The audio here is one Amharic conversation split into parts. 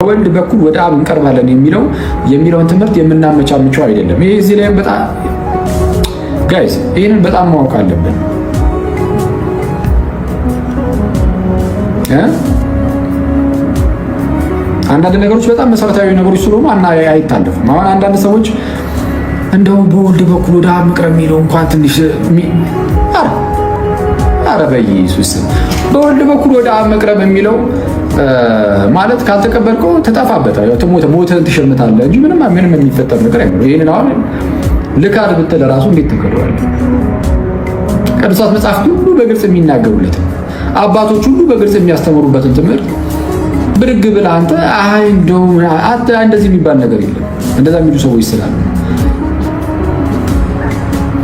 በወልድ በኩል ወደ አብ እንቀርባለን የሚለው የሚለውን ትምህርት የምናመቻምቸው አይደለም። ይሄ እዚህ ላይም በጣም ጋይስ፣ ይህንን በጣም ማወቅ አለብን። አንዳንድ ነገሮች በጣም መሰረታዊ ነገሮች ስለሆኑ አና አይታለፉም። አሁን አንዳንድ ሰዎች እንደው በወልድ በኩል ወደ አብ መቅረብ የሚለው እንኳን ትንሽ አረ በኢየሱስ በወልድ በኩል ወደ አብ መቅረብ የሚለው ማለት ካልተቀበልከው ትጠፋበታል፣ ሞትን ትሸምታለህ እንጂ ምንም ምንም የሚፈጠር ነገር አይኖርም። ይህንን አሁን ልካድ ብትል ራሱ እንዴት ትክደዋለህ? ቅዱሳት መጽሐፍት ሁሉ በግልጽ የሚናገሩለት አባቶች ሁሉ በግልጽ የሚያስተምሩበትን ትምህርት ብድግ ብለህ አንተ አይ እንደው እንደዚህ የሚባል ነገር የለም እንደዛ የሚሉ ሰዎች ስላሉ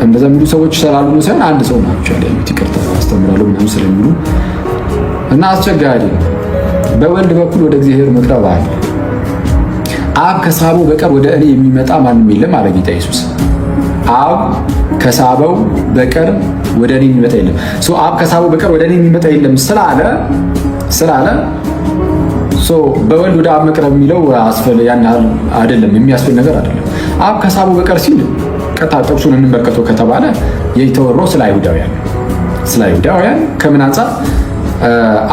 እንደዛ የሚሉ ሰዎች ስላሉ ሳይሆን አንድ ሰው ናቸው ያሉት ይቅርታ አስተምራለሁ ምናምን ስለሚሉ እና አስቸጋሪ ነው። በወልድ በኩል ወደ እግዚአብሔር መቅረብ አለ። አብ ከሳበው በቀር ወደ እኔ የሚመጣ ማንም የለም አለ ጌታ ኢየሱስ። አብ ከሳበው በቀር ወደ እኔ የሚመጣ የለም። አብ ከሳበው በቀር ወደ እኔ የሚመጣ የለም ስላለ ስላለ በወልድ ወደ አብ መቅረብ የሚለው ያን አይደለም የሚያስፈል ነገር አይደለም። አብ ከሳበው በቀር ሲል ቀጥታ ጥቅሱን እንመልከተው ከተባለ የተወራው ስለ አይሁዳውያን ስለ አይሁዳውያን ከምን አንጻር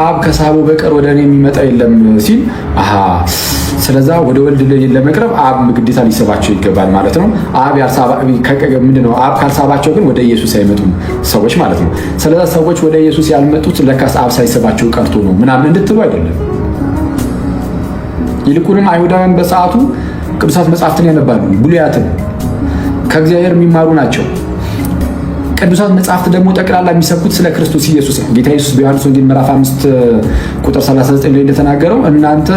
አብ ከሳቡ በቀር ወደ እኔ የሚመጣ የለም ሲል ስለዛ ወደ ወልድ ለመቅረብ አብ ግዴታ ሊሰባቸው ይገባል ማለት ነው። አብ ምንድነው? አብ ካልሳባቸው ግን ወደ ኢየሱስ አይመጡም ሰዎች ማለት ነው። ስለዛ ሰዎች ወደ ኢየሱስ ያልመጡት ለካስ አብ ሳይሰባቸው ቀርቶ ነው ምናምን እንድትሉ አይደለም። ይልቁንም አይሁዳውያን በሰዓቱ ቅዱሳት መጻሕፍትን ያነባሉ፣ ብሉያትን ከእግዚአብሔር የሚማሩ ናቸው። ቅዱሳት መጽሐፍት ደግሞ ጠቅላላ የሚሰብኩት ስለ ክርስቶስ ኢየሱስ ነው። ጌታ ኢየሱስ በዮሐንስ ወንጌል ምዕራፍ 5 ቁጥር 39 ላይ እንደተናገረው እናንተ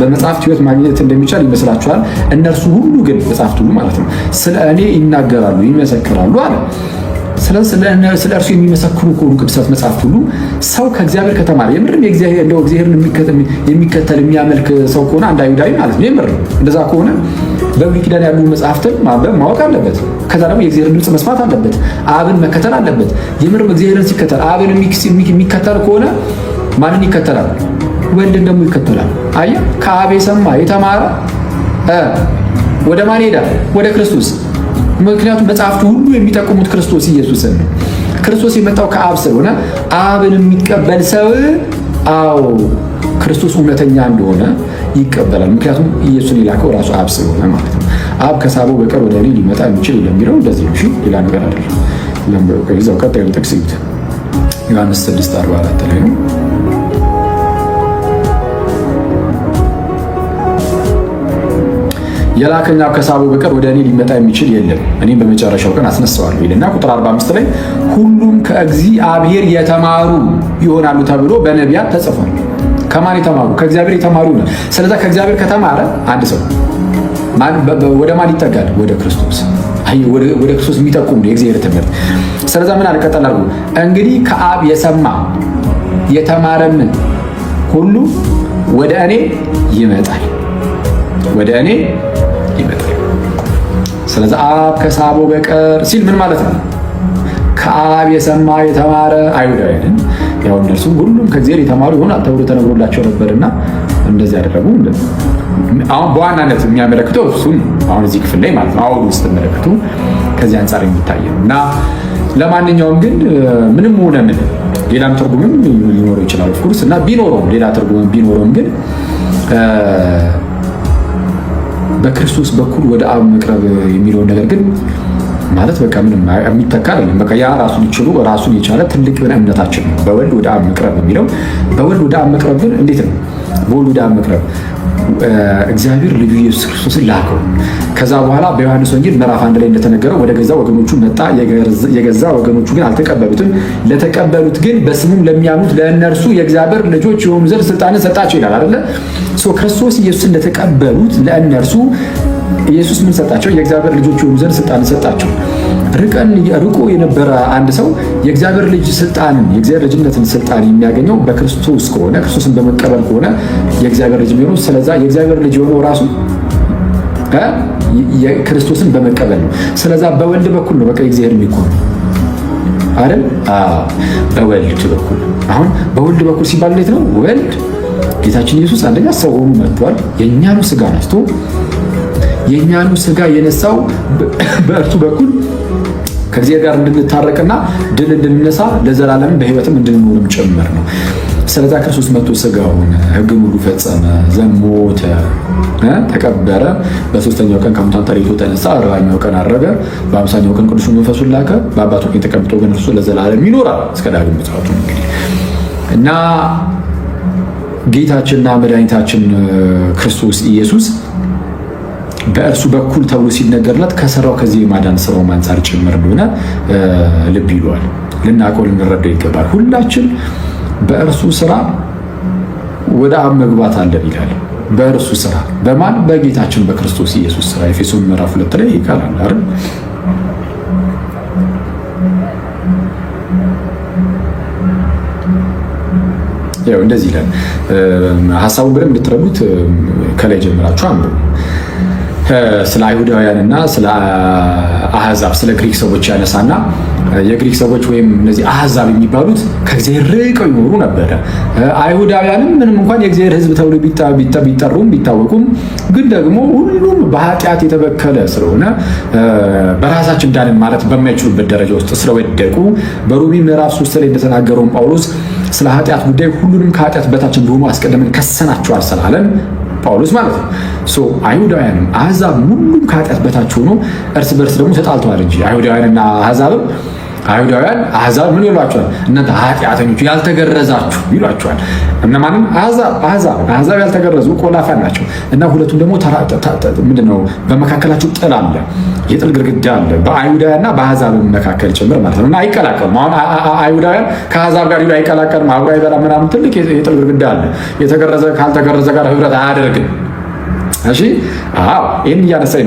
በመጽሐፍት ህይወት ማግኘት እንደሚቻል ይመስላችኋል፣ እነርሱ ሁሉ ግን መጽሐፍት ሁሉ ማለት ነው ስለ እኔ ይናገራሉ፣ ይመሰክራሉ አለ። ስለ እርሱ የሚመሰክሩ ከሆኑ ቅዱሳት መጽሐፍት ሁሉ ሰው ከእግዚአብሔር ከተማረ የምርም እግዚአብሔርን የሚከተል የሚያመልክ ሰው ከሆነ አንድ አይሁዳዊ ማለት ነው። የምር እንደዛ ከሆነ በብሉይ ኪዳን ያሉ መጽሐፍትን ማንበብ ማወቅ አለበት። ከዛ ደግሞ የእግዚአብሔር ድምፅ መስማት አለበት። አብን መከተል አለበት። የምርም እግዚአብሔርን ሲከተል አብን የሚከተል ከሆነ ማንን ይከተላል? ወልድን ደግሞ ይከተላል። አየህ፣ ከአብ የሰማ የተማረ ወደ ማን ሄዳል? ወደ ክርስቶስ ምክንያቱም መጽሐፍቱ ሁሉ የሚጠቁሙት ክርስቶስ ኢየሱስን ነው። ክርስቶስ የመጣው ከአብ ስለሆነ አብን የሚቀበል ሰው አዎ ክርስቶስ እውነተኛ እንደሆነ ይቀበላል። ምክንያቱም ኢየሱስን የላከው ራሱ አብ ስለሆነ ማለት ነው። አብ ከሳበው በቀር ወደ እኔ ሊመጣ የሚችል ለሚለው እንደዚህ ነው። ሌላ ነገር አይደለም። ቀጣዩን ጥቅስ ዮሐንስ 6 44 ላይ ነው። የላከኛው ከሳቡ በቀር ወደ እኔ ሊመጣ የሚችል የለም፣ እኔም በመጨረሻው ቀን አስነሳዋለሁ ይልና ቁጥር 45 ላይ ሁሉም ከእግዚአብሔር የተማሩ ይሆናሉ ተብሎ በነቢያት ተጽፏል። ከማን የተማሩ? ከእግዚአብሔር የተማሩ ይሆናል። ስለዚህ ከእግዚአብሔር ከተማረ አንድ ሰው ወደ ማን ይጠጋል? ወደ ክርስቶስ። ወደ ክርስቶስ የሚጠቁም ነው የእግዚአብሔር ትምህርት። ስለዛ ምን አልቀጠል እንግዲህ ከአብ የሰማ የተማረምን ሁሉ ወደ እኔ ይመጣል ወደ እኔ ስለዚህ አብ ከሳቦ በቀር ሲል ምን ማለት ነው? ከአብ የሰማ የተማረ አይሁዳውያንን ያው እነርሱ ሁሉም ከእግዚአብሔር የተማሩ ይሆናል ተብሎ ተነግሮላቸው ነበርና እንደዚህ ያደረጉ። አሁን በዋናነት የሚያመለክተው እሱን አሁን እዚህ ክፍል ላይ ማለት ነው አሁን መለክቱ ከዚህ አንጻር የሚታየ ነው እና ለማንኛውም ግን ምንም ሆነ ምን ሌላም ትርጉምም ሊኖረው ይችላል ኦፍኮርስ እና ቢኖረውም ሌላ ትርጉምም ቢኖረውም ግን በክርስቶስ በኩል ወደ አብ መቅረብ የሚለውን ነገር ግን ማለት በቃ ምንም የሚተካ አይደለም። በቃ ያ ራሱን ችሎ ራሱን የቻለ ትልቅ ምን እምነታችን ነው። በወልድ ወደ አብ መቅረብ የሚለው በወልድ ወደ አብ መቅረብ ግን እንዴት ነው? በወልድ ወደ አብ መቅረብ እግዚአብሔር ልጁ ኢየሱስ ክርስቶስን ላከው። ከዛ በኋላ በዮሐንስ ወንጌል ምዕራፍ አንድ ላይ እንደተነገረው ወደ ገዛ ወገኖቹ መጣ፣ የገዛ ወገኖቹ ግን አልተቀበሉትም። ለተቀበሉት ግን በስሙም ለሚያምኑት ለእነርሱ የእግዚአብሔር ልጆች የሆኑ ዘንድ ስልጣንን ሰጣቸው ይላል አይደለ? ክርስቶስ ኢየሱስን ለተቀበሉት ለእነርሱ ኢየሱስ ምን ሰጣቸው? የእግዚአብሔር ልጆች የሆኑ ዘንድ ስልጣንን ሰጣቸው። ርቀን ርቆ የነበረ አንድ ሰው የእግዚአብሔር ልጅ ስልጣንን የእግዚአብሔር ልጅነትን ስልጣን የሚያገኘው በክርስቶስ ከሆነ ክርስቶስን በመቀበል ከሆነ የእግዚአብሔር ልጅ የሚሆነው ስለዛ የእግዚአብሔር ልጅ የሆነው ራሱ ክርስቶስን በመቀበል ነው። ስለዛ በወልድ በኩል ነው በቃ እግዚአብሔር የሚኮኑ አይደል? በወልድ በኩል አሁን በወልድ በኩል ሲባል እንዴት ነው? ወልድ ጌታችን ኢየሱስ አንደኛ ሰው ሆኖ መጥቷል። የእኛኑ ስጋ ነስቶ የእኛኑ ስጋ የነሳው በእርሱ በኩል ከእግዚአብሔር ጋር እንድንታረቅና ድል እንድንነሳ ለዘላለም በህይወትም እንድንኖርም ጭምር ነው። ስለዛ ክርስቶስ ስጋ ሆነ፣ ህግ ሙሉ ፈጸመ፣ ዘሞተ፣ ተቀበረ፣ በሶስተኛው ቀን ከሙታን ተሪቶ ተነሳ፣ አርባኛው ቀን አረገ፣ በአምሳኛው ቀን ቅዱስ መንፈሱን ላከ፣ በአባቱ ቀኝ ተቀምጦ ግን እርሱ ለዘላለም ይኖራል እስከ ዳግም ምጽአቱ እንግዲህ እና ጌታችንና መድኃኒታችን ክርስቶስ ኢየሱስ በእርሱ በኩል ተብሎ ሲነገርለት ከሰራው ከዚህ የማዳን ስራው አንጻር ጭምር እንደሆነ ልብ ይለዋል። ልናውቀው ልንረዳው ይገባል። ሁላችን በእርሱ ስራ ወደ አብ መግባት አለን ይላል። በእርሱ ስራ በማን በጌታችን በክርስቶስ ኢየሱስ ስራ ኤፌሶን ምዕራፍ ሁለት ላይ ይቃላል አይደል? ያው እንደዚህ ይላል። ሀሳቡን ብለን እንድትረዱት ከላይ ጀምራችሁ አንብቡ። ስለ አይሁዳውያን እና ስለ አህዛብ ስለ ግሪክ ሰዎች ያነሳና የግሪክ ሰዎች ወይም እነዚህ አህዛብ የሚባሉት ከእግዚአብሔር ርቀው ይኖሩ ነበረ። አይሁዳውያንም ምንም እንኳን የእግዚአብሔር ሕዝብ ተብሎ ቢጠሩም ቢታወቁም ግን ደግሞ ሁሉም በኃጢአት የተበከለ ስለሆነ በራሳችን ዳንን ማለት በማይችሉበት ደረጃ ውስጥ ስለወደቁ በሮሚ ምዕራፍ ሶስት ላይ እንደተናገረውን ጳውሎስ ስለ ኃጢአት ጉዳይ ሁሉንም ከኃጢአት በታች እንደሆኑ አስቀድመን ከሰናችኋል ስላለን ጳውሎስ ማለት ነው። አይሁዳውያንም አህዛብ ሁሉም ከኃጢአት በታች ሆኖ እርስ በርስ ደግሞ ተጣልተዋል እንጂ አይሁዳውያንና አህዛብም አይሁዳውያን አህዛብ ምን ይሏቸዋል? እናንተ ኃጢአተኞቹ ያልተገረዛችሁ ይሏቸዋል። እነማንም አህዛብ አህዛብ አህዛብ ያልተገረዙ ቆላፋን ናቸው። እና ሁለቱም ደግሞ ምንድነው በመካከላቸው ጥል አለ፣ የጥል ግድግዳ አለ፣ በአይሁዳውያንና በአህዛብ መካከል ጭምር ማለት ነው። እና አይቀላቀሉም። አሁን አይሁዳውያን ከአህዛብ ጋር አይቀላቀልም፣ አብሮ አይበላም ምናምን፣ ትልቅ የጥል ግድግዳ አለ። የተገረዘ ካልተገረዘ ጋር ህብረት አያደርግም። እሺ፣ አዎ ይህን እያነሳ